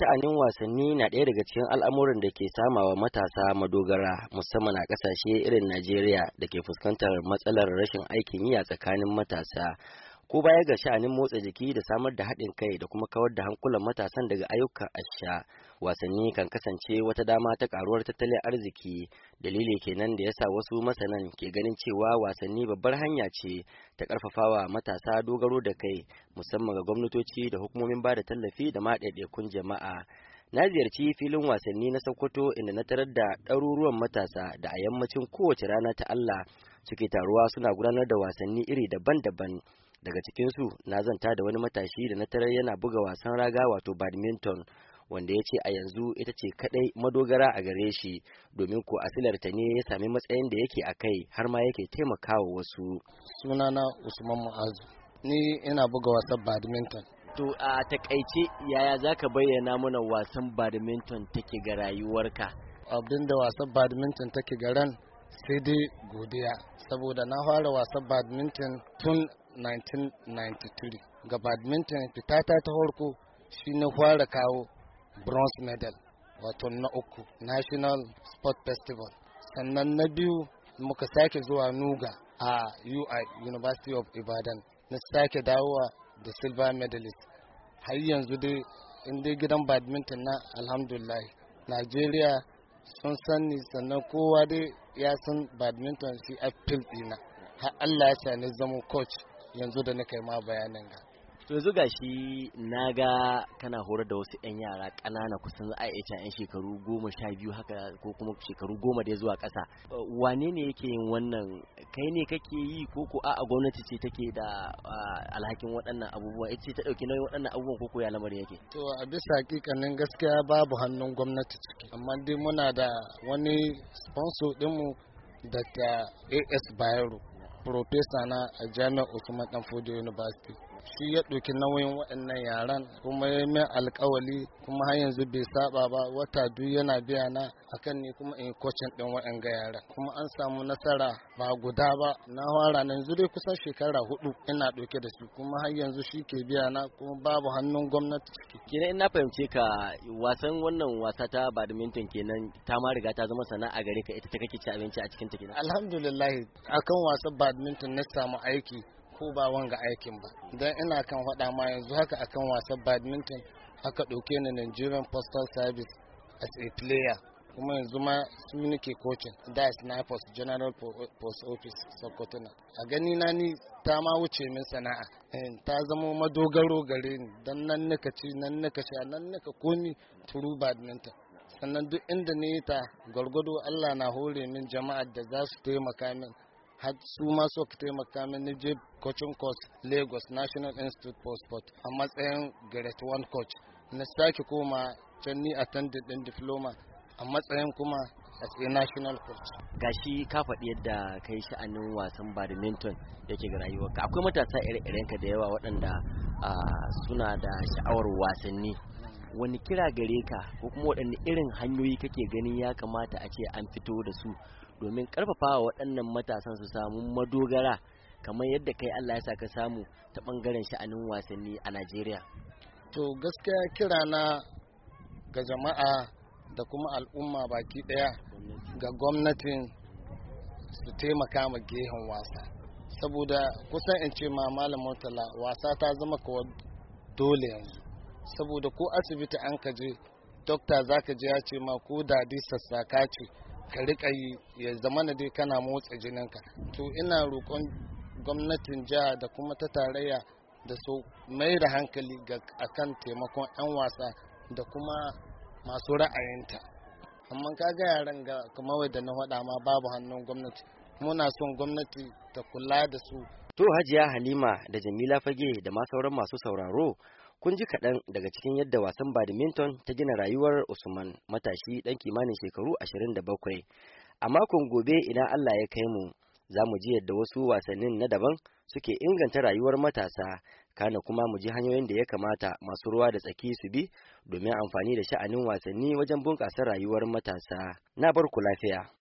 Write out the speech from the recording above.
sha'anin wasanni na ɗaya daga cikin al'amuran da ke samawa matasa madogara musamman a ƙasashe irin Najeriya da ke fuskantar matsalar rashin aikin yi a tsakanin matasa. ko baya ga sha'anin motsa jiki da samar da haɗin kai da kuma kawar da hankulan matasan daga ayyukan asha wasanni kan kasance wata dama ta karuwar tattalin arziki dalili kenan da yasa wasu masanan ke ganin cewa wasanni babbar hanya ce ta karfafawa matasa dogaro da kai musamman ga gwamnatoci da hukumomin ba da tallafi da ma ɗaiɗaikun jama'a na ziyarci filin wasanni na sokoto inda na tarar da ɗaruruwan matasa da a yammacin kowace rana ta allah suke taruwa suna gudanar da wasanni iri daban-daban daga cikinsu na zanta da wani matashi da na tarar yana buga wasan raga wato badminton wanda ya ce a yanzu ita ce kadai madogara a gare shi domin ko ta ne ya sami matsayin da yake a kai har ma yake taimakawa wasu sunana usman mu'azu ni ina buga wasan badminton to a takaice yaya za ka bayyana mana wasan badminton take ga rayuwarka abin da wasan badminton take ga ran sai dai godiya saboda na fara wasan badminton tun 1993 ga badminton fitata ta farko shi na fara kawo bronze medal wato na uku national sport festival sannan na biyu muka sake zuwa nuga a ui university of ibadan na sake dawowa da silver medalist har yanzu dai inda gidan badminton na alhamdulillah nigeria sun sani sannan kowa dai ya san badminton shi a dina har allah ya sani zama coach yanzu da na kai ma bayanin ga to yanzu gashi na ga kana horar da wasu 'yan yara ƙanana kusan za a iya 'yan shekaru goma sha biyu haka ko kuma shekaru goma da zuwa ƙasa wane ne yake yin wannan kai ne kake yi ko ko a'a gwamnati ce take da alhakin waɗannan abubuwa ita ce ta ɗauki nauyin waɗannan abubuwan ko ko ya lamari yake to a bisa hakikanin gaskiya babu hannun gwamnati ciki amma dai muna da wani sponsor ɗinmu daga as bayero profesa na a jami'ar usman danfodiyo university shi ya ɗauki nauyin waɗannan yaran kuma ya min alkawali kuma har yanzu bai saba ba wata duk yana biya na akan ni kuma in kocin ɗin waɗanga yaran kuma an samu nasara ba guda ba na fara nan yanzu kusan shekara hudu ina ɗauke da su kuma har yanzu shi ke biya na kuma babu hannun gwamnati. kenan ina fahimce ka wasan wannan wasa ta badminton kenan ta ma riga ta zama sana'a gare ka ita ta kake ci abinci a cikin ta kenan. alhamdulillah akan wasan badminton na samu aiki ko ba wanga aikin ba don ina kan faɗa ma yanzu haka akan wasan badminton aka ɗauke ni nigerian postal service as a player kuma yanzu ma su nake coaching da snipers general post office sokoto na a gani na ni ta ma wuce min sana'a eh, ta zama madogaro gare ni don nan nika ci nan nika sha nan nika komi turu badminton sannan duk inda ne ta gwargwado allah na hore min jama'ar da za su taimaka min har su ma so ka taimaka min ni je coaching course Lagos National Institute for Sport a matsayin grade one coach na sake koma can ni attended din diploma a matsayin kuma a a national coach gashi ka faɗi yadda ka yi sha'anin wasan badminton yake ga ka akwai matasa ire iren ka da yawa waɗanda suna da sha'awar wasanni wani kira gare ka ko kuma waɗanne irin hanyoyi kake ganin ya kamata a ce an fito da su domin karfafa waɗannan matasan su samu madogara kamar yadda kai Allah ya sa ka samu ta bangaren sha'anin wasanni a Najeriya. To gaskiya kira na ga jama'a da kuma al'umma baki ɗaya ga gwamnatin su taimaka ma gehen wasa. Saboda kusan in ce ma Malam Murtala wasa ta zama kawai dole yanzu. Saboda ko asibiti an ka je, dokta za ka je ya ce ma ko da sassaka ce ka rika yi ya zama na dai kana motsa jinin ka to ina roƙon gwamnatin jiha da kuma ta tarayya da su mai da hankali ga akan taimakon 'yan wasa da kuma masu ra'ayinta amma ka ga yaran ga kamar da na faɗa ma babu hannun gwamnati muna son gwamnati ta kula da su to hajiya halima da jamila fage da ma sauran masu sauraro Kun ji kaɗan daga cikin yadda wasan badminton ta gina rayuwar Usman matashi ɗan kimanin shekaru ashirin da bakwai, A makon gobe idan Allah ya kai mu, za mu ji yadda wasu wasannin na daban suke inganta rayuwar matasa, kana kuma mu ji hanyoyin da ya kamata masu ruwa da tsaki su bi domin amfani da sha'anin wasanni wajen bunƙasa rayuwar matasa. Na barku lafiya.